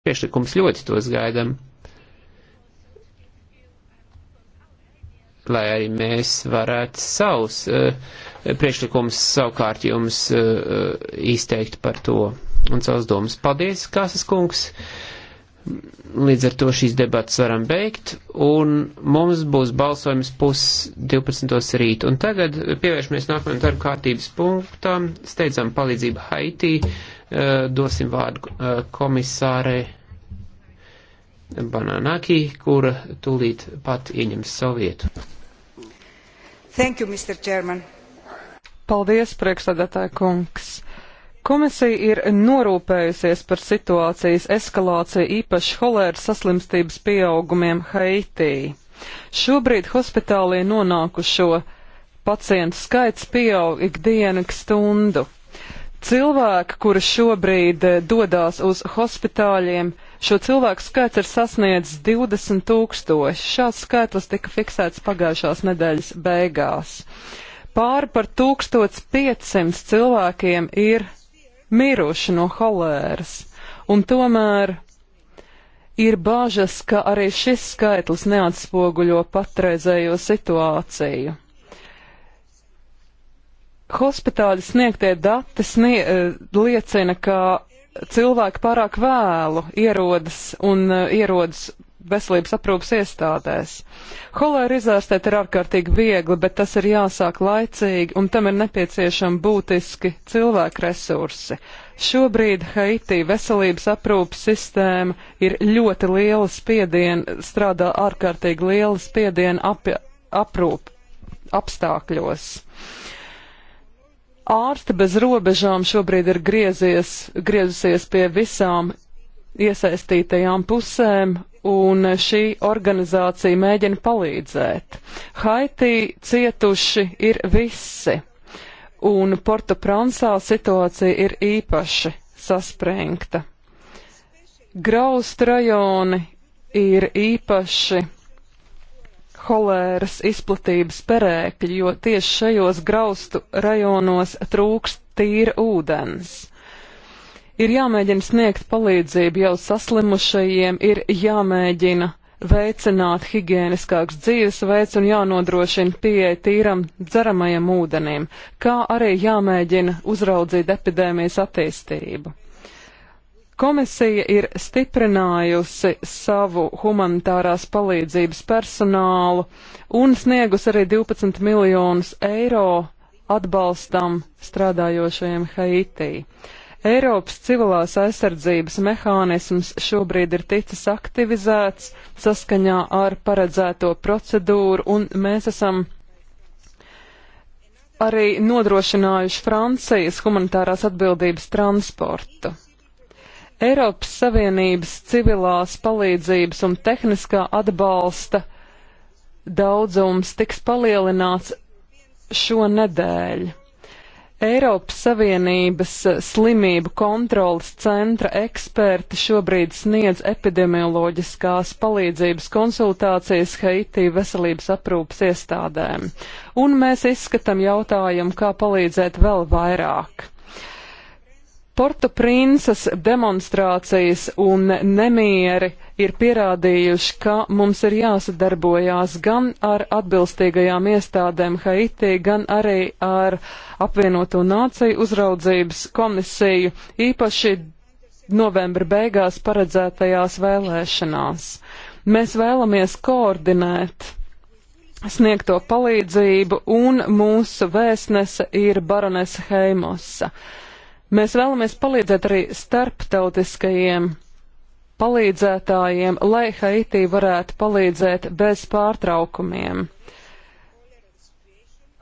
priekšlikums ļoti tos gaidam. Lai arī mēs varētu savus uh, eh, priekšlikumus savukārt jums uh, izteikt par to un savus domas. Paldies, Kāsas kungs! Līdz ar to šīs debatas varam beigt, un mums būs balsojums pus 12. rīt. Un tagad pievēršamies nākamajam darba kārtības punktam, steidzam palīdzību Haitī. Eh, dosim vārdu eh, komisārei Bananaki, kura tūlīt pat ieņems savu vietu. Thank you, Mr. Chairman. Paldies, priekšsādātāja kungs. Komisija ir norūpējusies par situācijas eskalāciju īpaši holēras saslimstības pieaugumiem Haitī. Šobrīd hospitālī nonākušo pacientu skaits pieaug ikdienu ik stundu. Cilvēki, kuri šobrīd eh, dodas uz hospitāļiem, šo cilvēku skaits ir sasniedzis 20 tūkstoši. Šāds skaitlis tika fiksēts pagājušās nedēļas beigās. Pāri par 1500 cilvēkiem ir miruši no holēras, un tomēr ir bāžas, ka arī šis skaitlis neatspoguļo patreizējo situāciju. Hospitāļi sniegtie dati snie, e, liecina, ka cilvēki pārāk vēlu ierodas un e, ierodas veselības aprūpas iestādēs. Holēru izārstēt ir ārkārtīgi viegli, bet tas ir jāsāk laicīgi, un tam ir nepieciešami būtiski cilvēku resursi. Šobrīd Haiti veselības aprūpas sistēma ir ļoti liela spiediena, strādā ārkārtīgi liela spiediena ap, aprūp apstākļos. Uh, ārsti bez robežām šobrīd ir griezies, griezusies pie visām iesaistītajām pusēm, un šī organizācija mēģina palīdzēt. Haitī cietuši ir visi, un Porto Pransā situācija ir īpaši saspringta. Graustu rajoni ir īpaši holēras izplatības perēkļi, jo tieši šajos graustu rajonos trūkst tīra ūdens. Ir jāmēģina sniegt palīdzību jau saslimušajiem, ir jāmēģina veicināt higiēniskāks dzīvesveids un jānodrošina pieeja tīram dzeramajam ūdenim, kā arī jāmēģina uzraudzīt epidēmijas attīstību. Komisija ir stiprinājusi savu humanitārās palīdzības personālu un sniegus arī 12 miljonus eiro atbalstam strādājošajiem Haitī. Eiropas civilās aizsardzības mehānisms šobrīd ir ticis aktivizēts saskaņā ar paredzēto procedūru, un mēs esam arī nodrošinājuši Francijas humanitārās atbildības transportu. Eiropas Savienības civilās palīdzības un tehniskā atbalsta daudzums tiks palielināts šonedēļ. Eiropas Savienības slimību kontrolas centra eksperti šobrīd sniedz epidemioloģiskās palīdzības konsultācijas Haiti veselības aprūpas iestādēm, un mēs izskatam jautājumu, kā palīdzēt vēl vairāk. Porto Princes demonstrācijas un nemieri ir pierādījuši, ka mums ir jāsadarbojās gan ar atbilstīgajām iestādēm Haitī, gan arī ar apvienoto nāciju uzraudzības komisiju, īpaši novembra beigās paredzētajās vēlēšanās. Mēs vēlamies koordinēt sniegto palīdzību, un mūsu vēstnese ir baronese Heimosa. Mēs vēlamies palīdzēt arī starptautiskajiem palīdzētājiem, lai Haitī varētu palīdzēt bez pārtraukumiem.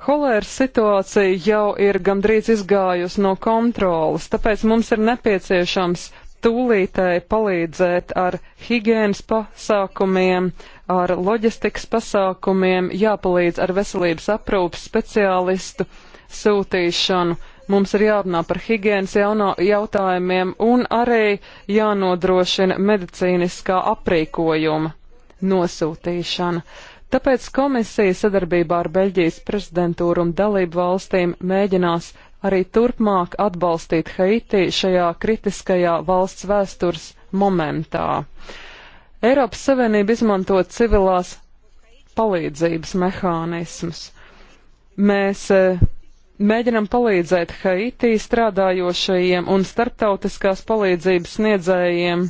Holēras situācija jau ir gandrīz izgājusi no kontrolas, tāpēc mums ir nepieciešams tūlītēji palīdzēt ar higiēnas pasākumiem, ar loģistikas pasākumiem, jāpalīdz ar veselības aprūpas speciālistu sūtīšanu, Mums ir jārunā par higienas jauno, jautājumiem un arī jānodrošina medicīniskā aprīkojuma nosūtīšana. Tāpēc komisija sadarbībā ar Beļģijas prezidentūru un dalību valstīm mēģinās arī turpmāk atbalstīt Haiti šajā kritiskajā valsts vēstures momentā. Eiropas Savienība izmanto civilās palīdzības mehānismus. Mēs eh, mēģinam palīdzēt Haitī strādājošajiem un starptautiskās palīdzības sniedzējiem,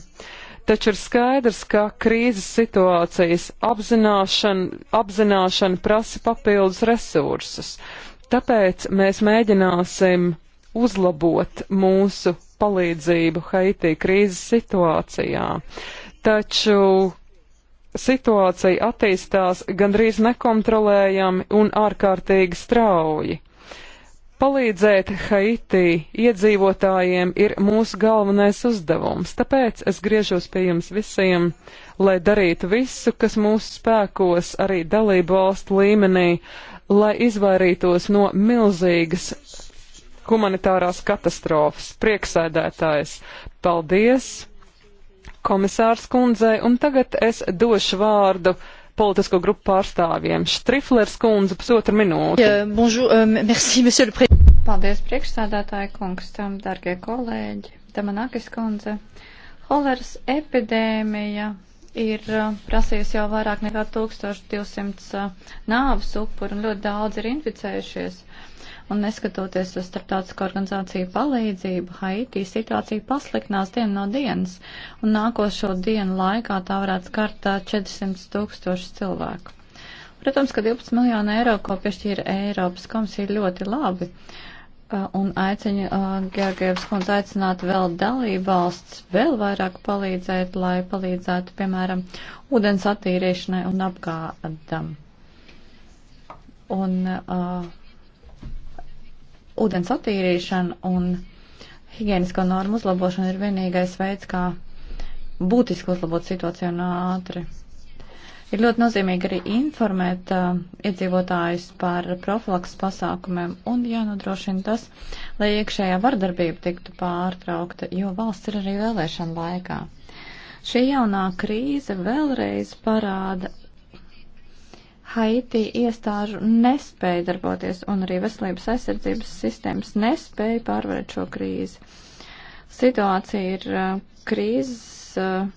taču ir skaidrs, ka krīzes situācijas apzināšana, apzināšana prasa papildus resursus. Tāpēc mēs mēģināsim uzlabot mūsu palīdzību Haitī krīzes situācijā. Taču situācija attīstās gandrīz nekontrolējami un ārkārtīgi strauji. Palīdzēt Haiti iedzīvotājiem ir mūsu galvenais uzdevums, tāpēc es griežos pie jums visiem, lai darītu visu, kas mūsu spēkos arī dalību valstu līmenī, lai izvairītos no milzīgas humanitārās katastrofas. Prieksēdētājs, paldies komisārs kundzei, un tagad es došu vārdu politisko grupu pārstāvjiem. Štriflers kundze, pusotru minūti. Bonjour, euh, merci, monsieur le président. Paldies, priekšstādātāji kungs, tam, dargie kolēģi, Damanakis kundze. Holers epidēmija ir euh, prasījusi jau vairāk nekā 1200 nāvas upuru un ļoti daudz ir inficējušies. Un neskatoties uz starptautisko organizāciju palīdzību, Haitī situācija pasliknās dienu no dienas, un nākošo dienu laikā tā varētu skart 400 tūkstošus cilvēku. Protams, ka 12 miljonu eiro, ko piešķīra Eiropas komisija, ir ļoti labi. Un aicinu uh, Georgievs kundzi aicināt vēl dalībvalsts vēl vairāk palīdzēt, lai palīdzētu, piemēram, ūdens attīrīšanai un apgādam. Un uh, ūdens attīrīšana un higienisko normu uzlabošana ir vienīgais veids, kā būtiski uzlabot situāciju un ātri. Ir ļoti nozīmīgi arī informēt uh, iedzīvotājus par profilaks pasākumiem un jānodrošina tas, lai iekšējā vardarbība tiktu pārtraukta, jo valsts ir arī vēlēšana laikā. Šī jaunā krīze vēlreiz parāda, Haiti iestāžu nespēja darboties un arī veselības aizsardzības sistēmas nespēja pārvarēt šo krīzi. Situācija ir krīzes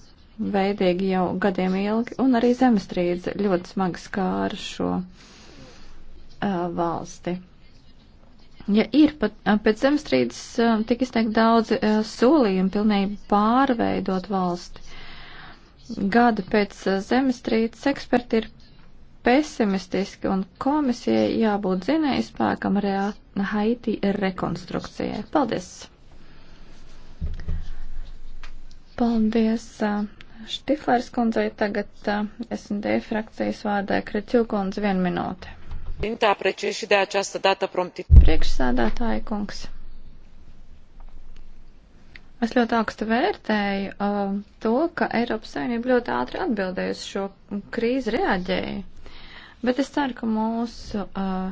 veidīgi jau gadiem ilgi un arī zemestrīdze ļoti smagi skāra šo valsti. Ja ir pat pēc zemestrīdes tik izteikti daudzi solījumi pilnīgi pārveidot valsti. Gada pēc zemestrīdes eksperti ir pesimistiski un komisijai jābūt zinēja spēkam reāli Haiti rekonstrukcijai. Paldies! Paldies! Uh, Štiflērs kundzei tagad uh, S&D frakcijas vārdā Kreķilkundze vienu minūti. Priekšsādātāja kungs. Es ļoti augstu vērtēju uh, to, ka Eiropas Savienība ļoti ātri atbildēja uz šo krīzi, reaģēja. Bet es ceru, ka mūsu uh,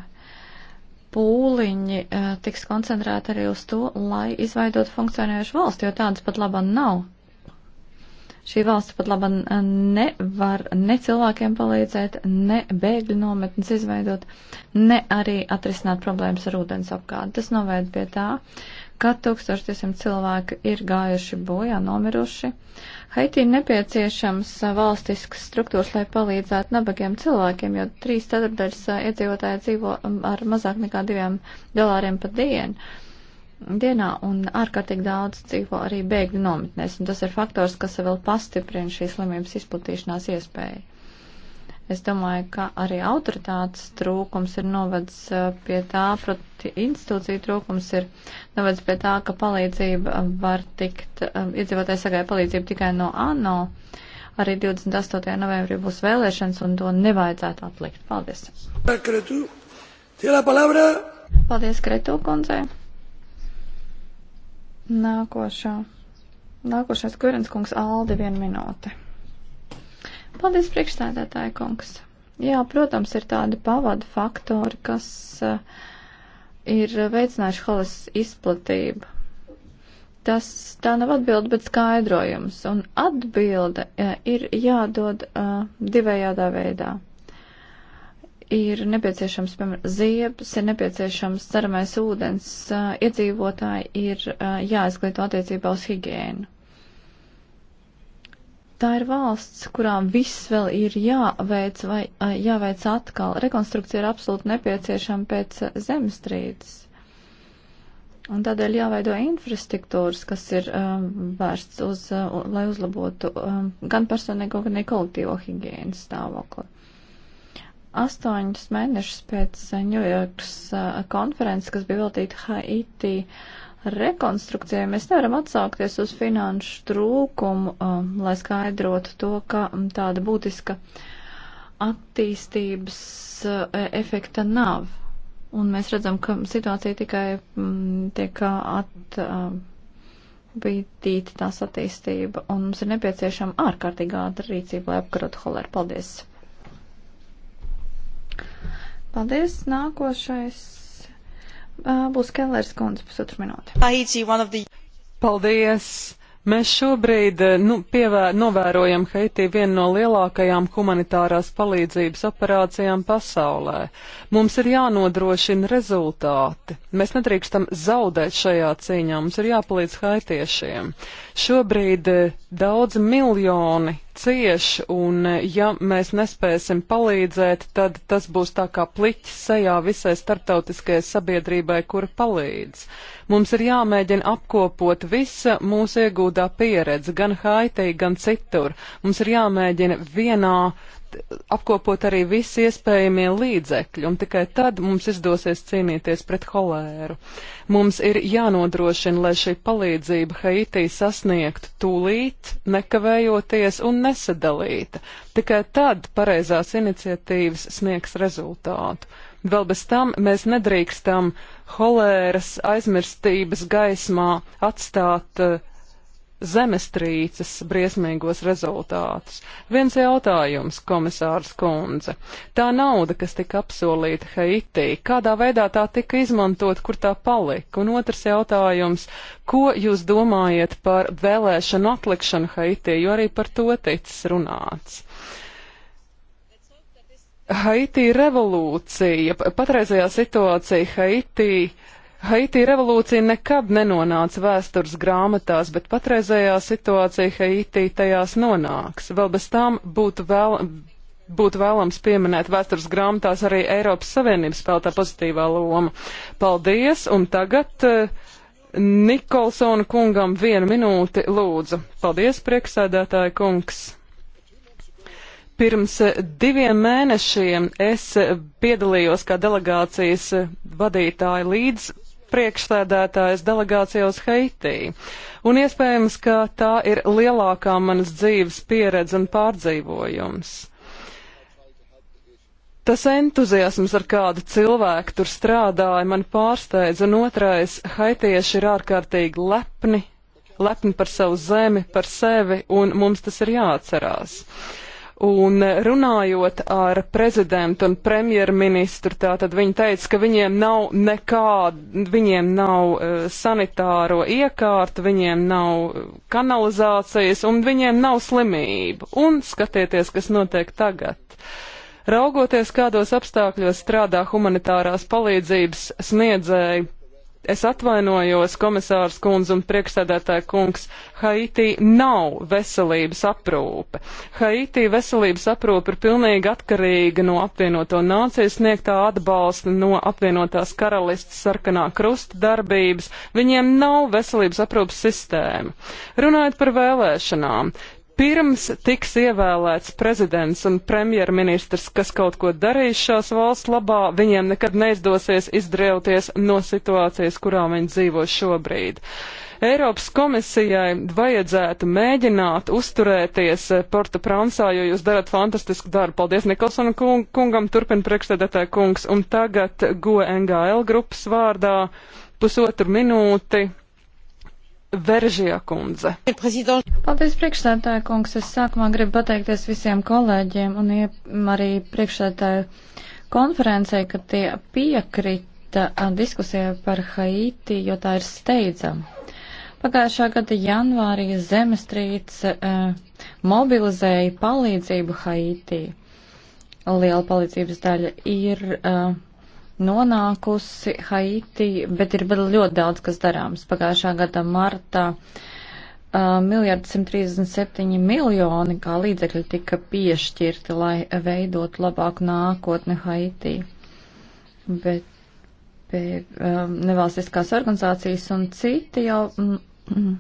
pūliņi uh, tiks koncentrēti arī uz to, lai izveidot funkcionējušu valsti, jo tādas pat laban nav. Šī valsts pat laban uh, nevar ne cilvēkiem palīdzēt, ne bēgļu nometnes izveidot, ne arī atrisināt problēmas ar ūdens apgādi. Tas noved pie tā, ka 1200 cilvēki ir gājuši bojā, nomiruši. Haitī ir nepieciešams valstisks struktūrs, lai palīdzētu nabagiem cilvēkiem, jo trīs ceturdaļas eh, iedzīvotāji dzīvo um, ar mazāk nekā diviem dolāriem pa dienu. Dienā un ārkārtīgi daudz dzīvo arī bēgļu nometnēs, un tas ir faktors, kas vēl pastiprina šīs slimības izplatīšanās iespēju. Es domāju, ka arī autoritātes trūkums ir novads eh, pie tā, proti institūcija trūkums ir novads pie tā, ka palīdzība eh, var tikt, eh, iedzīvotāji sagāja palīdzību tikai no ANO. Arī 28. novembrī būs vēlēšanas un to nevajadzētu atlikt. Paldies. Paldies, Kretu kundze. Nākošā. Nākošais Kurins kungs Aldi vienu minūti. Paldies, priekšstādātāja kungs. Jā, protams, ir tādi pavadu faktori, kas eh, ir veicinājuši holas izplatību. Tas tā nav atbilde, bet skaidrojums. Un atbilde eh, ir jādod uh, divējādā veidā. Ir nepieciešams, piemēram, ziebs, ir nepieciešams ceramais ūdens, uh, iedzīvotāji ir uh, jāizglīto attiecībā uz higiēnu. Tā ir valsts, kurām viss vēl ir jāveic vai jāveic atkal. Rekonstrukcija ir absolūti nepieciešama pēc zemestrīces. Un tādēļ jāveido infrastruktūras, kas ir um, vērsts uz, uh, lai uzlabotu um, gan personīgo, gan kolektīvo higiēnas stāvokli. Astoņus mēnešus pēc Ņujorkas uh, konferences, kas bija veltīta Haiti, uh, rekonstrukcijai mēs nevaram atsaukties uz finanšu trūkumu, um, lai skaidrotu to, ka um, tāda būtiska attīstības uh, e, efekta nav. Un mēs redzam, ka situācija tikai mm, tiek atbītīta uh, um, tās attīstība, un mums ir nepieciešama ārkārtīgā rīcība, lai apkarotu holēru. Paldies! Paldies! Nākošais būs Kellers kundze pusotru minūti. Paldies! Mēs šobrīd eh, nu, pievē, novērojam Haitī vienu no lielākajām humanitārās palīdzības operācijām pasaulē. Mums ir jānodrošina rezultāti. Mēs nedrīkstam zaudēt šajā cīņā, mums ir jāpalīdz haitiešiem. Šobrīd eh, daudz miljoni cieši, un eh, ja mēs nespēsim palīdzēt, tad tas būs tā kā pliķis sejā visai starptautiskajai sabiedrībai, kura palīdz. Mums ir jāmēģina apkopot visa mūsu iegūtā pieredze, gan Haitī, gan citur. Mums ir jāmēģina vienā apkopot arī visi iespējamie līdzekļi, un tikai tad mums izdosies cīnīties pret holēru. Mums ir jānodrošina, lai šī palīdzība Haitī sasniegtu tūlīt, nekavējoties un nesadalīta. Tikai tad pareizās iniciatīvas sniegs rezultātu. Vēl bez tam mēs nedrīkstam holēras aizmirstības gaismā atstāt uh, zemestrīces briesmīgos rezultātus. Viens jautājums, komisārs kundze. Tā nauda, kas tika apsolīta Haitī, kādā veidā tā tika izmantot, kur tā palika? Un otrs jautājums, ko jūs domājat par vēlēšanu atlikšanu Haitī, jo arī par to ticis runāts? Haitī revolūcija, patreizajā situācija Haitī. Uh, Haiti revolūcija nekad nenonāca vēstures grāmatās, bet patreizējā situācija Haiti tajās nonāks. Vēl bez tām būtu vēl. Būtu vēlams pieminēt vēstures grāmatās arī Eiropas Savienības spēlētā pozitīvā loma. Paldies, un tagad uh, Nikolsona kungam vienu minūti lūdzu. Paldies, prieksēdētāja kungs. Pirms eh, diviem mēnešiem es eh, piedalījos kā delegācijas vadītāja līdz priekšsēdētājas delegācijā uz Haitī. Un iespējams, ka tā ir lielākā manas dzīves pieredze un pārdzīvojums. Tas entuziasms, ar kādu cilvēku tur strādāja, man pārsteidz, un otrais - haitieši ir ārkārtīgi lepni, lepni par savu zemi, par sevi, un mums tas ir jāatcerās. Uh, Un runājot ar prezidentu un premjerministru, tā tad viņi teica, ka viņiem nav nekāda, viņiem nav uh, sanitāro iekārtu, viņiem nav eh, kanalizācijas un viņiem nav slimību. Un skatieties, kas notiek tagad. Raugoties, kādos apstākļos strādā humanitārās palīdzības sniedzēji Es atvainojos, komisārs kundze un priekšsēdētāja kungs, Haiti nav veselības aprūpe. Haiti veselības aprūpe ir pilnīgi atkarīga no apvienoto nācijas sniegtā atbalsta, no apvienotās karalistas sarkanā krusta darbības. Viņiem nav veselības aprūpas sistēma. Runājot par vēlēšanām, pirms tiks ievēlēts prezidents un premjerministrs, kas kaut ko darīs šās valsts labā, viņiem nekad neizdosies izdrēlties no situācijas, kurā viņi dzīvo šobrīd. Eiropas komisijai vajadzētu mēģināt uzturēties eh, Porta Pransā, jo jūs darat fantastisku darbu. Paldies Nikolsona kungam, turpina priekšstādātāja kungs. Un tagad GoNGL grupas vārdā pusotru minūti Veržie kundze. Paldies, priekšsētāja kungs. Es sākumā gribu pateikties visiem kolēģiem un arī priekšsētāju konferencei, ka tie piekrita diskusijai par Haiti, jo tā ir steidzama. Pagājušā gada janvārī zemestrīce eh, mobilizēja palīdzību Haitī. Liela palīdzības daļa ir eh, nonākusi Haiti, bet ir vēl ļoti daudz, kas darāms. Pagājušā gada martā miljardi 137 miljoni kā līdzekļi tika piešķirti, lai veidot labāku nākotni Haitī. Bet pie, um, nevalstiskās organizācijas un citi jau mm, mm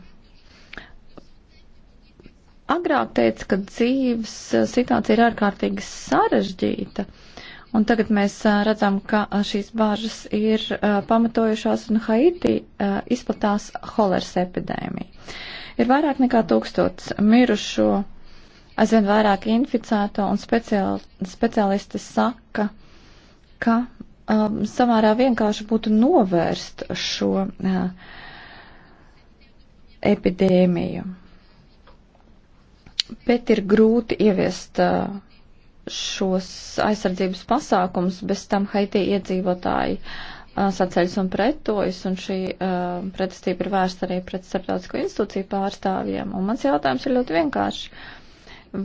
agrāk teica, ka dzīves situācija ir ārkārtīgi sarežģīta. Uh, Un tagad mēs redzam, ka šīs bāžas ir pamatojušās un Haiti izplatās holers epidēmija. Ir vairāk nekā tūkstots mirušo, aizvien vairāk inficēto un speciālisti saka, ka um, samērā vienkārši būtu novērst šo uh, epidēmiju. Bet ir grūti ieviest. Uh, šos aizsardzības pasākums, bez tam Haiti iedzīvotāji uh, saceļas un pretojas, un šī uh, pretestība ir vērsta arī pret starptautisko institūciju pārstāvjiem. Un mans jautājums ir ļoti vienkārši.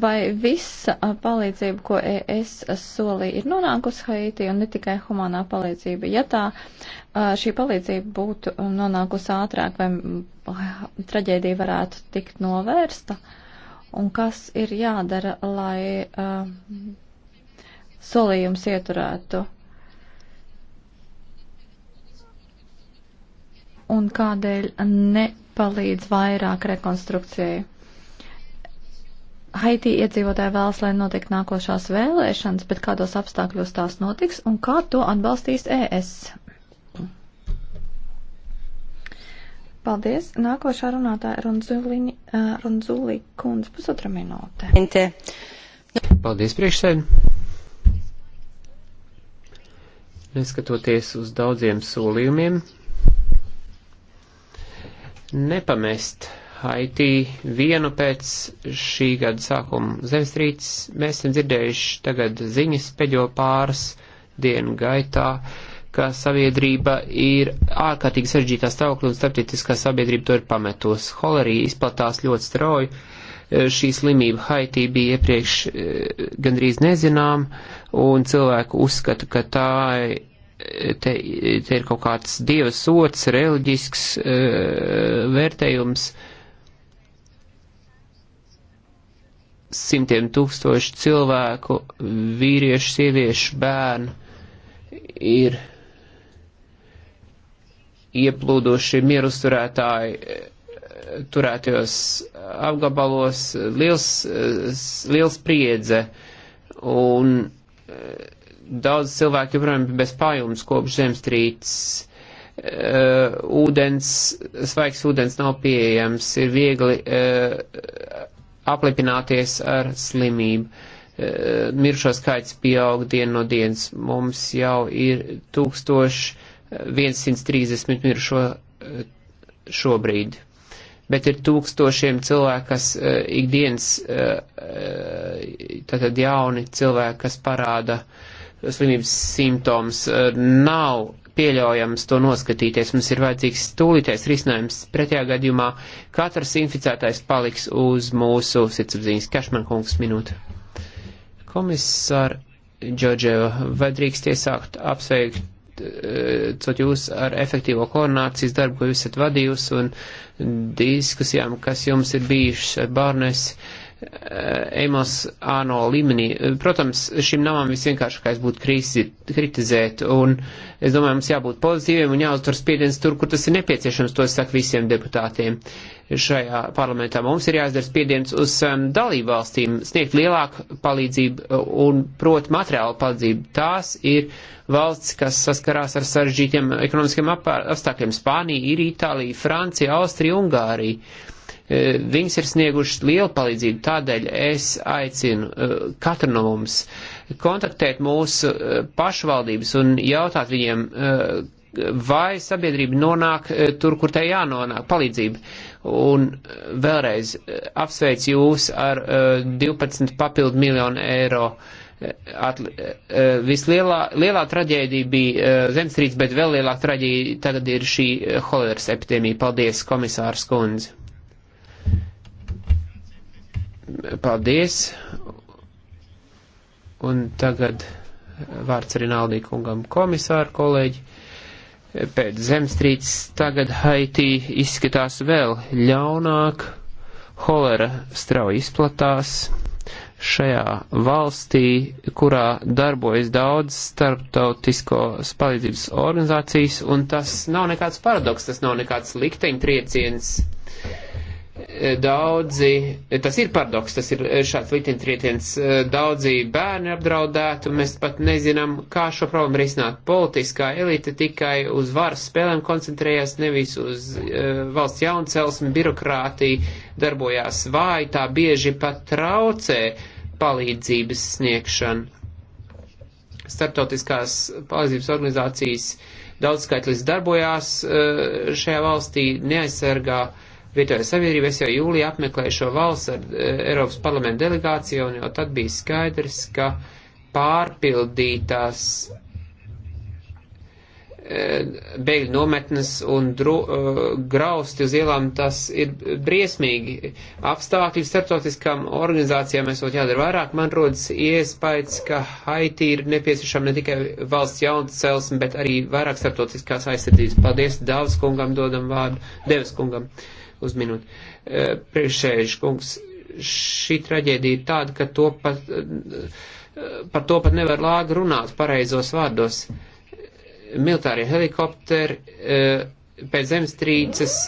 Vai visa uh, palīdzība, ko es solī, ir nonākusi Haiti un ne tikai humanā palīdzība? Ja tā uh, šī palīdzība būtu nonākusi ātrāk, vai uh, traģēdija varētu tikt novērsta? Uh, un kas ir jādara, lai uh, solījums ieturētu. Un kādēļ nepalīdz vairāk rekonstrukcijai? Haitī iedzīvotāji vēlas, lai notiek nākošās vēlēšanas, bet kādos apstākļos tās notiks un kā to atbalstīs ES? Paldies. Nākošā runātāja Ronzulī kundze pusotra minūte. Paldies priekšsēdē. Neskatoties uz daudziem solījumiem, nepamest Haiti vienu pēc šī gada sākuma zemestrīces. Mēs esam dzirdējuši tagad ziņas pēdējo pāris dienu gaitā. Uh, ka sabiedrība ir ārkārtīgi sarežģītā stāvoklī un starptautiskā sabiedrība to ir pametos. Holerija izplatās ļoti strauji, e, šī slimība Haitī bija iepriekš e, gandrīz nezinām, un cilvēku uzskata, ka tā e, te, te ir kaut kāds dieva sots, reliģisks vērtējums. Simtiem tūkstoši cilvēku, vīriešu, sieviešu, bērnu ir ieplūduši mierusturētāji eh, turētajos eh, apgabalos, eh, liels, liels priedze un daudz cilvēku joprojām bez pājums kopš zemstrīces. Uh, ūdens, svaigs ūdens nav pieejams, ir viegli uh, aplipināties ar slimību. Uh, miršo skaits pieaug dienu no dienas. Mums jau ir tūkstoši 130 mirušo šobrīd. Bet ir tūkstošiem cilvēku, kas uh, ikdienas, uh, tātad jauni cilvēki, kas parāda slimības simptoms, uh, nav pieļaujams to noskatīties. Mums ir vajadzīgs tūlītais risinājums. Pretējā gadījumā katrs inficētais paliks uz mūsu sirdsapziņas. Kašman kungs minūte. Komisār Džodževa, vai drīkst iesākt apsveikt cot jūs ar efektīvo koordinācijas darbu, ko jūs esat vadījusi un diskusijām, kas jums ir bijušas ar Bārnes, Emos eh, Āno līmenī. Protams, šim namam visvienkāršākais būtu krīzi, kritizēt, un es domāju, mums jābūt pozitīviem un jāuztur spiediens tur, kur tas ir nepieciešams, to es saku visiem deputātiem. Uh, šajā parlamentā. Mums ir jāizdara spiediens uz um, dalību valstīm, sniegt lielāku palīdzību uh, un, prot, materiālu palīdzību. Tās ir valsts, kas saskarās ar sarežģītiem ekonomiskiem apstākļiem - Spānija, ir Itālija, Francija, Austrija, Ungārija. E, viņas ir sniegušas lielu palīdzību, tādēļ es aicinu e, katru no mums kontaktēt mūsu e, pašvaldības un jautāt viņiem, vai sabiedrība nonāk tur, kur tai jānonāk, palīdzība. Un eh, vēlreiz eh, apsveic jūs ar 12 eh, papildu miljonu eiro atli, vislielā lielā traģēdija bija zemstrīds, bet vēl lielāka traģēdija tagad ir šī holēras epidēmija. Paldies, komisārs Kundze. Paldies. Un tagad vārds Rinaldī kungam komisāru kolēģi. Pēc zemstrīces tagad Haitī izskatās vēl ļaunāk, holera strauji izplatās šajā valstī, kurā darbojas daudz starptautiskos palīdzības organizācijas, un tas nav nekāds paradoks, tas nav nekāds likteņtrieciens daudzi, tas ir paradoks, tas ir šāds likteņtrietiens, daudzi bērni apdraudēti, un mēs pat nezinām, kā šo problēmu risināt. Politiskā elite tikai uz varas spēlēm koncentrējās, nevis uz uh, valsts jauncelsmi, birokrātija darbojās vāji, tā bieži pat traucē palīdzības sniegšanu. Startautiskās palīdzības organizācijas daudzskaitlis darbojās uh, šajā valstī, neaizsargā uh, Vietējā sabiedrība es jau jūlijā apmeklēju šo valsts ar e, Eiropas parlamenta delegāciju, un jau tad bija skaidrs, ka pārpildītās e, bēgļu nometnes un dro, uh, e, grausti uz ielām, tas ir briesmīgi apstākļi starptautiskām organizācijām, esot jādara vairāk, man rodas iespējas, ka Haiti ir nepieciešama ne tikai valsts jauns celsme, bet arī vairāk starptautiskās aizsardzības. Paldies, Davas kungam dodam vārdu, Devas kungam. Uh, uz minūti. E, Priekšsēžu kungs, šī traģēdija ir tāda, ka to pat, e, par to pat nevar lāgi runāt pareizos vārdos. Militārie helikopteri e, pēc zemestrīces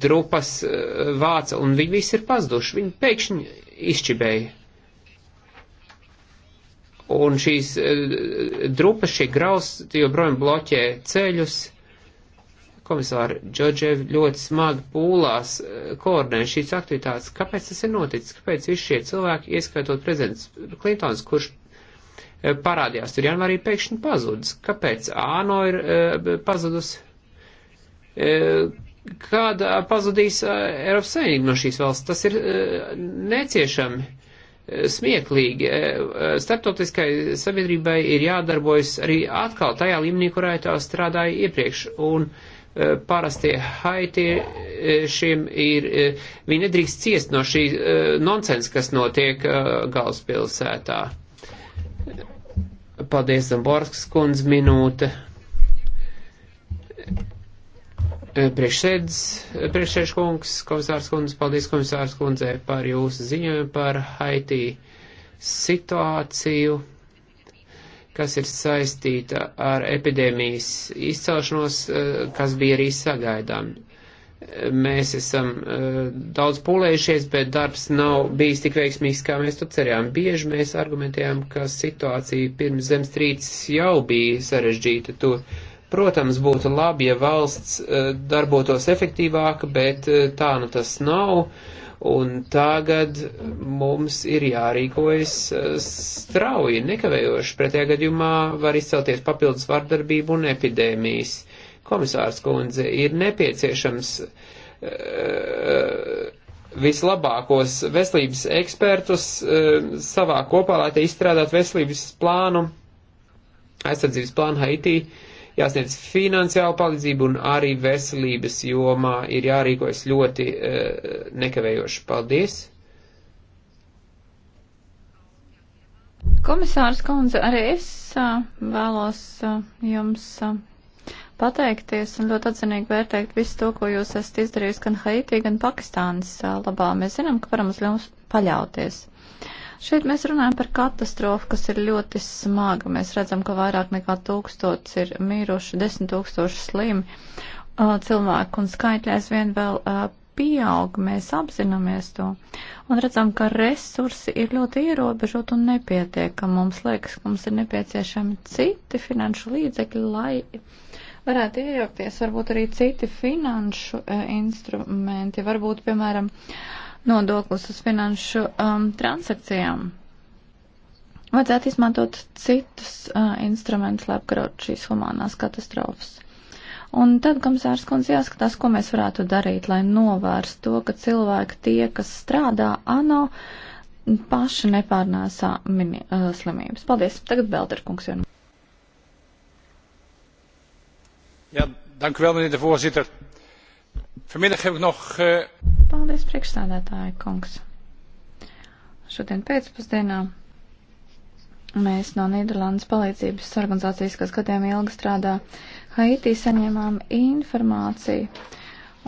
drupas vāca, un viņi visi ir pazuduši. Viņi pēkšņi izčibēja. Un šīs drupas, šie grausti joprojām bloķē ceļus komisāri Džodževi ļoti smagi pūlās eh, koordinē šīs aktivitātes. Kāpēc tas ir noticis? Kāpēc visi šie cilvēki, ieskaitot prezidents Klintons, kurš eh, parādījās tur janvārī, pēkšņi pazudis? Kāpēc Āno ir eh, pazudus? Kāda pazudīs Eiropas Savienība no šīs valsts? Tas ir neciešami smieklīgi. Startautiskai sabiedrībai ir jādarbojas arī atkal tajā līmenī, kurā tā strādāja iepriekš. Un, uh, Eh, parastie haitiešiem eh, ir, eh, viņi nedrīkst ciest no šī nonsens, kas notiek galvaspilsētā. Paldies, Zamborskas kundz, minūte. Priekšsēdz, priekšsēdž kungs, komisārs kundz, paldies komisārs kundzei par jūsu ziņojumu par Haiti situāciju kas ir saistīta ar epidēmijas izcelšanos, eh, kas bija arī sagaidām. Mēs esam eh, daudz pūlējušies, bet darbs nav bijis tik veiksmīgs, kā mēs to cerējām. Bieži mēs argumentējām, ka situācija pirms zemstrīces jau bija sarežģīta tur. Protams, būtu labi, ja valsts eh, darbotos efektīvāk, bet tā nu tas nav. Uh, Un tagad mums ir jārīkojas eh, strauji, nekavējoši. Pretējā gadījumā var izcelties papildus vardarbību un epidēmijas. Komisārs kundze, ir nepieciešams uh, vislabākos veselības ekspertus uh, savā kopā, lai te izstrādātu veselības plānu, aizsardzības plānu Haitī. Uh, jāsniedz finansiāla palīdzība un arī veselības jomā ir jārīkojas ļoti eh, nekavējoši. Paldies! Komisārs Kundze, arī es vēlos jums pateikties un ļoti atzinīgi vērtēt visu to, ko jūs esat izdarījis gan Haitī, gan Pakistānas labā. Mēs zinām, ka varam uz jums paļauties. Uh, Šeit mēs runājam par katastrofu, kas ir ļoti smaga. Mēs redzam, ka vairāk nekā tūkstots ir mīruši, desmit tūkstoši slimi uh, cilvēku un skaitļi aizvien vēl uh, pieaug. Mēs apzināmies to un redzam, ka resursi ir ļoti ierobežot un nepietiekami. Mums liekas, ka mums ir nepieciešami citi finanšu līdzekļi, lai varētu iejaukties, varbūt arī citi finanšu uh, instrumenti, varbūt, piemēram, uh, nodoklis uz finanšu um, transakcijām. Vajadzētu izmantot citus uh, instrumentus, lai apkarotu šīs humanās katastrofas. Un tad, komisārs kundze, jāskatās, ko mēs varētu darīt, lai novērstu to, ka cilvēki tie, kas strādā ANO, paši nepārnēsā mini, uh, slimības. Paldies. Tagad Belterkungs. Ja, dank u wel, meneer de voorzitter. Vanmiddag heb ik nog. Uh... Paldies, priekšsādātāja kungs. Šodien pēcpusdienā mēs no Nīderlandes palīdzības organizācijas, kas gadiem ilgi strādā Haitī, saņēmām informāciju,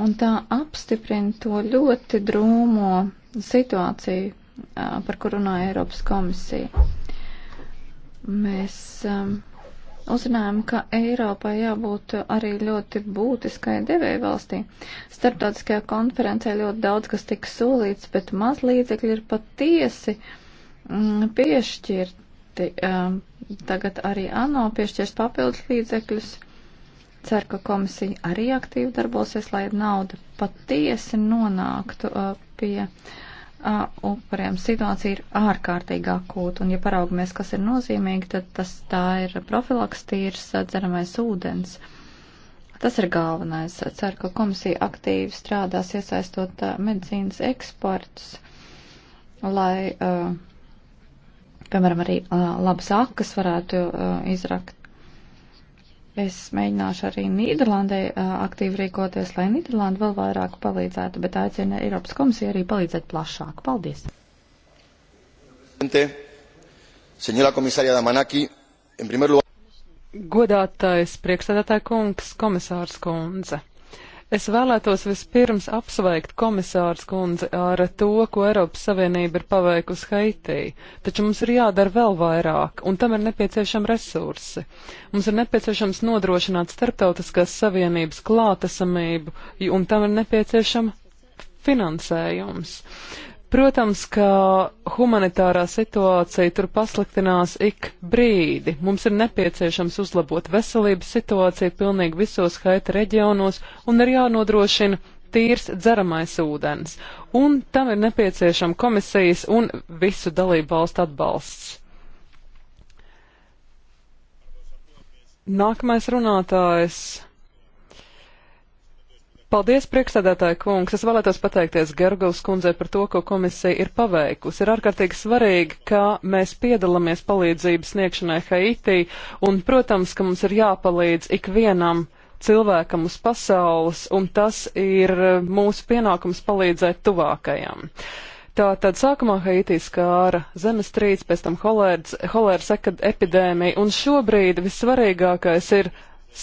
un tā apstiprina to ļoti drūmo situāciju, par kur runāja Eiropas komisija. Mēs um, uzzinājām, ka Eiropai jābūt arī ļoti būtiskai devēja valstī. Starptautiskajā konferencē ļoti daudz kas tika solīts, bet maz līdzekļi ir patiesi mm, piešķirti. Um, tagad arī ANO piešķirs papildus līdzekļus. Ceru, ka komisija arī aktīvi darbosies, lai nauda patiesi nonāktu uh, pie uh, uh, upuriem situācija ir ārkārtīgi akūta, un ja paraugamies, kas ir nozīmīgi, tad tas tā ir profilaks tīrs dzeramais ūdens. Tas ir galvenais. Ceru, ka komisija aktīvi strādās iesaistot uh, medicīnas ekspertus, lai, uh, piemēram, arī uh, labas akas varētu uh, izrakt Es mēģināšu arī Nīderlandē aktīvi rīkoties, lai Nīderlanda vēl vairāk palīdzētu, bet aicinu Eiropas komisiju arī palīdzēt plašāk. Paldies! Señora komisārija Damanaki, en primer lugar. Godātais priekšsēdētāja kungs, komisārs kundze. Es vēlētos vispirms apsveikt komisārs kundzi ar to, ko Eiropas Savienība ir paveikusi Haitī, taču mums ir jādara vēl vairāk, un tam ir nepieciešami resursi. Mums ir nepieciešams nodrošināt starptautiskās savienības klātesamību, un tam ir nepieciešama finansējums. Protams, ka humanitārā situācija tur pasliktinās ik brīdi. Mums ir nepieciešams uzlabot veselības situāciju pilnīgi visos Haita reģionos un ir jānodrošina tīrs dzeramais ūdens. Un tam ir nepieciešama komisijas un visu dalību valstu atbalsts. Nākamais runātājs Paldies, priekšsēdētāji kungs! Es vēlētos pateikties Gergovs kundzei par to, ko komisija ir paveikusi. Ir ārkārtīgi svarīgi, ka mēs piedalāmies palīdzības sniegšanai Haitī, un, protams, ka mums ir jāpalīdz ikvienam cilvēkam uz pasaules, un tas ir eh, mūsu pienākums palīdzēt tuvākajam. Tātad sākumā Haiti skāra zemestrīce, pēc tam holēras, holēras epidēmija, un šobrīd vissvarīgākais ir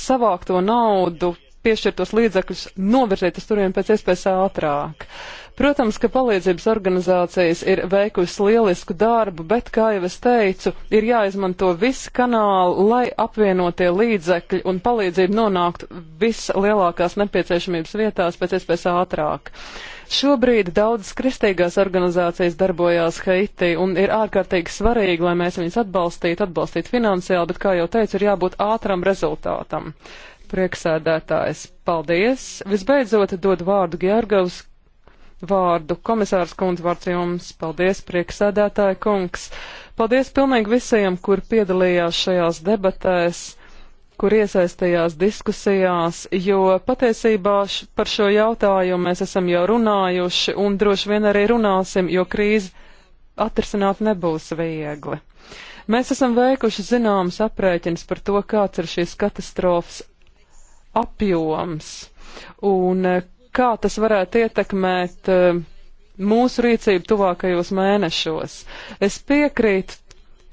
savākto naudu piešķirtos līdzekļus novirzīt uz turien pēc iespējas ātrāk. Protams, ka palīdzības organizācijas ir veikusi lielisku darbu, bet, kā jau es teicu, ir jāizmanto visi kanāli, lai apvienotie līdzekļi un palīdzība nonāktu vislielākās nepieciešamības vietās pēc iespējas ātrāk. Šobrīd daudzas kristīgās organizācijas darbojās Haiti un ir ārkārtīgi svarīgi, lai mēs viņus atbalstītu, atbalstītu finansiāli, bet, kā jau teicu, ir jābūt ātram rezultātam. Prieksēdētājs, paldies! Visbeidzot, dod vārdu Georgavas vārdu. Komisārs kundze vārds jums. Paldies, prieksēdētāja kungs. Paldies pilnīgi visiem, kur piedalījās šajās debatēs, kur iesaistījās diskusijās, jo patiesībā š, par šo jautājumu mēs esam jau runājuši un droši vien arī runāsim, jo krīze atrisināt nebūs viegli. Mēs esam veikuši zināmas aprēķins par to, kāds ir šīs katastrofas apjoms un eh, kā tas varētu ietekmēt eh, mūsu rīcību tuvākajos mēnešos. Es piekrītu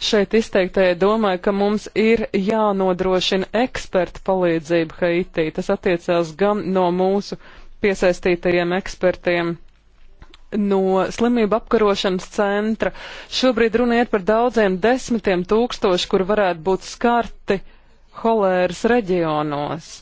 šeit izteiktajai domai, ka mums ir jānodrošina eksperta palīdzība Haitī. Tas attiecās gan no mūsu piesaistītajiem ekspertiem, no slimību apkarošanas centra. Šobrīd runiet par daudziem desmitiem tūkstoši, kur varētu būt skarti holēras reģionos.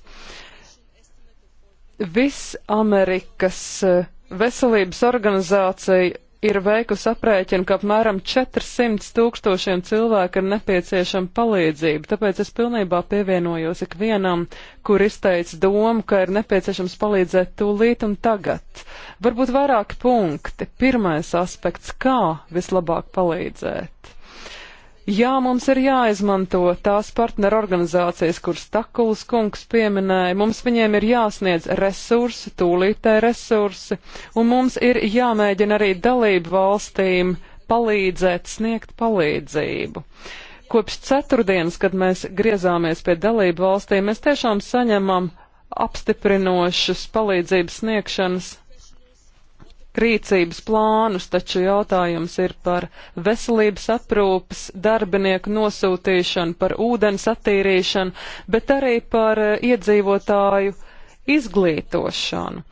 Viss Amerikas eh, veselības organizācija ir veikusi aprēķinu, ka apmēram 400 tūkstošiem cilvēku ir nepieciešama palīdzība, tāpēc es pilnībā pievienojos ikvienam, kur izteica domu, ka ir nepieciešams palīdzēt tūlīt un tagad. Varbūt vairāki punkti. Pirmais aspekts - kā vislabāk palīdzēt. Jā, mums ir jāizmanto tās partnerorganizācijas, kuras Takulas kungs pieminēja. Mums viņiem ir jāsniedz resursi, tūlītē resursi, un mums ir jāmēģina arī dalību valstīm palīdzēt, sniegt palīdzību. Kopš ceturtdienas, kad mēs griezāmies pie dalību valstīm, mēs tiešām saņemam apstiprinošas palīdzības sniegšanas rīcības plānus, taču jautājums ir par veselības aprūpas darbinieku nosūtīšanu, par ūdens attīrīšanu, bet arī par eh, iedzīvotāju izglītošanu.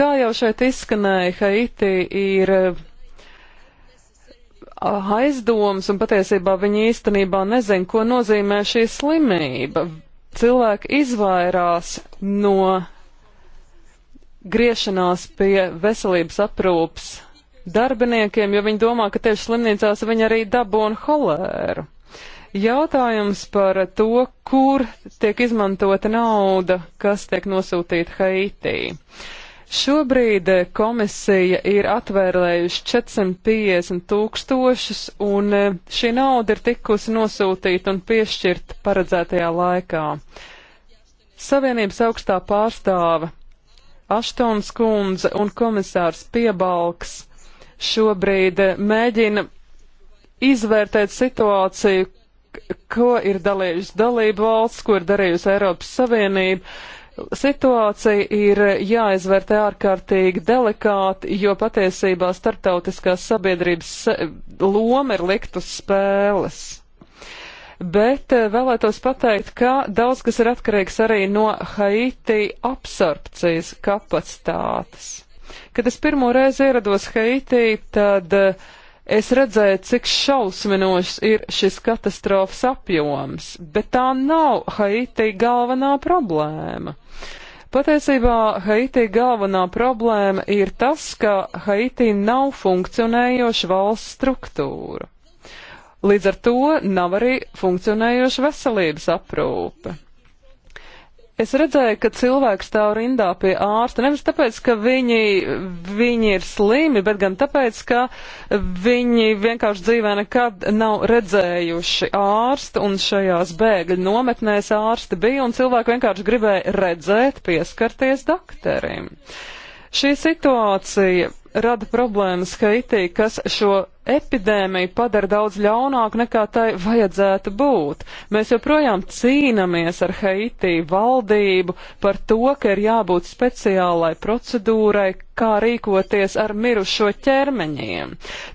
Kā jau šeit izskanēja, Haiti ir eh, aizdoms, un patiesībā viņi īstenībā nezin, ko nozīmē šī slimība. Cilvēki izvairās no griešanās pie veselības aprūpas darbiniekiem, jo viņi domā, ka tieši slimnīcās viņi arī dabūna holēru. Jautājums par to, kur tiek izmantota nauda, kas tiek nosūtīta Haitī. Šobrīd komisija ir atvērlējuši 450 tūkstošus, un šī nauda ir tikusi nosūtīta un piešķirta paredzētajā laikā. Savienības augstā pārstāva Aštons kundze un komisārs Piebalgs šobrīd mēģina izvērtēt situāciju, ko ir dalījusi dalību valsts, ko ir darījusi Eiropas Savienība. Situācija ir jāizvērtē ārkārtīgi delikāti, jo patiesībā starptautiskās sabiedrības loma ir likt uz spēles bet eh, vēlētos pateikt, ka daudz kas ir atkarīgs arī no Haiti absorpcijas kapacitātes. Kad es pirmo reizi ierados Haitī, tad eh, es redzēju, cik šausminošs ir šis katastrofas apjoms, bet tā nav Haitī galvenā problēma. Patiesībā Haitī galvenā problēma ir tas, ka Haitī nav funkcionējoša valsts struktūra. Līdz ar to nav arī funkcionējoša veselības aprūpe. Es redzēju, ka cilvēki stāv rindā pie ārsta nevis tāpēc, ka viņi, viņi ir slimi, bet gan tāpēc, ka viņi vienkārši dzīvē nekad nav redzējuši ārstu un šajās bēgļu nometnēs ārsti bija un cilvēki vienkārši gribēja redzēt, pieskarties doktorim. Šī situācija rada problēmas Haitī, kas šo epidēmija padara daudz ļaunāku nekā tai vajadzētu būt. Mēs joprojām cīnāmies ar Haiti valdību par to, ka ir jābūt speciālai procedūrai, kā rīkoties ar mirušo ķermeņiem.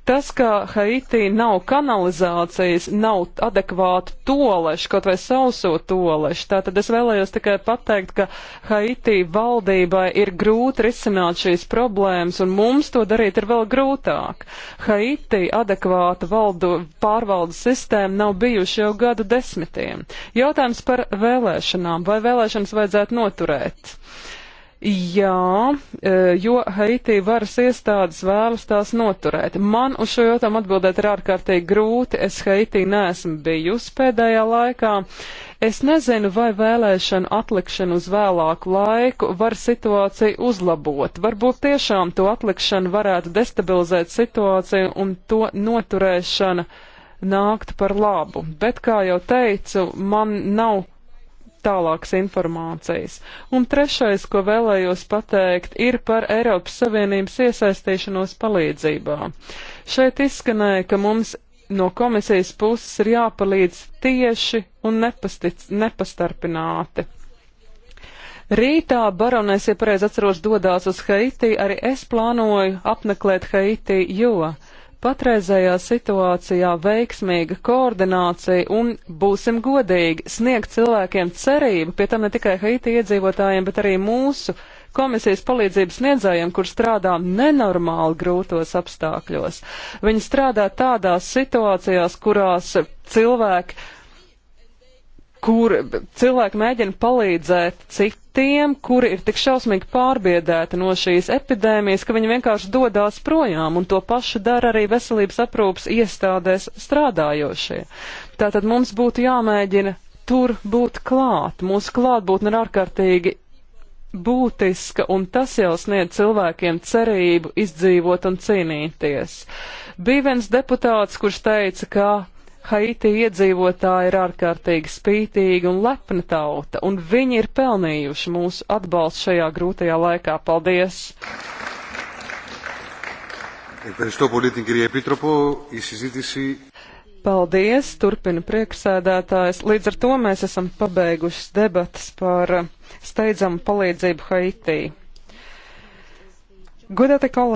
Tas, ka Haitī nav kanalizācijas, nav adekvātu tolešu, kaut vai sauso tolešu, tātad es vēlējos tikai pateikt, ka Haitī valdībai ir grūti risināt šīs problēmas, un mums to darīt ir vēl grūtāk. Haitī arī adekvāta valdu, pārvaldu sistēma nav bijuši jau gadu desmitiem. Jautājums par vēlēšanām. Vai vēlēšanas vajadzētu noturēt? Jā, e, jo Haitī varas iestādes vēlas tās noturēt. Man uz šo jautājumu atbildēt ir ārkārtīgi grūti. Es Haitī neesmu bijusi pēdējā laikā. Es nezinu, vai vēlēšana atlikšana uz vēlāku laiku var situāciju uzlabot. Varbūt tiešām to atlikšanu varētu destabilizēt situāciju un to noturēšana nākt par labu. Bet, kā jau teicu, man nav tālākas informācijas. Un trešais, ko vēlējos pateikt, ir par Eiropas Savienības iesaistīšanos palīdzībā. Šeit izskanēja, ka mums no komisijas puses ir jāpalīdz tieši un nepastic, nepastarpināti. Rītā baronēs, ja pareizi atceros, dodās uz Haiti, arī es plānoju apmeklēt Haiti, jo patreizējā situācijā veiksmīga koordinācija un, būsim godīgi, sniegt cilvēkiem cerību, pie tam ne tikai Haiti iedzīvotājiem, bet arī mūsu uh, komisijas palīdzības sniedzējiem, kur strādā nenormāli grūtos apstākļos. Viņi strādā tādās situācijās, kurās cilvēki kur cilvēki mēģina palīdzēt citiem, kuri ir tik šausmīgi pārbiedēti no šīs epidēmijas, ka viņi vienkārši dodās projām, un to pašu dara arī veselības aprūpas iestādēs strādājošie. Tātad mums būtu jāmēģina tur būt klāt. Mūsu klātbūtne ir ārkārtīgi būtiska, un tas jau sniedz cilvēkiem cerību izdzīvot un cīnīties. Bija viens deputāts, kurš teica, ka Haiti iedzīvotāji ir ārkārtīgi spītīgi un lepna tauta, un viņi ir pelnījuši mūsu atbalstu šajā grūtajā laikā. Paldies! Ευχαριστώ πολύ την κυρία Επίτροπο. Η συζήτηση Paldies, turpina priekšsēdētājs. Līdz ar to mēs esam pabeigušas debatas par uh, steidzamu palīdzību Haitī. Godātie kolēģi!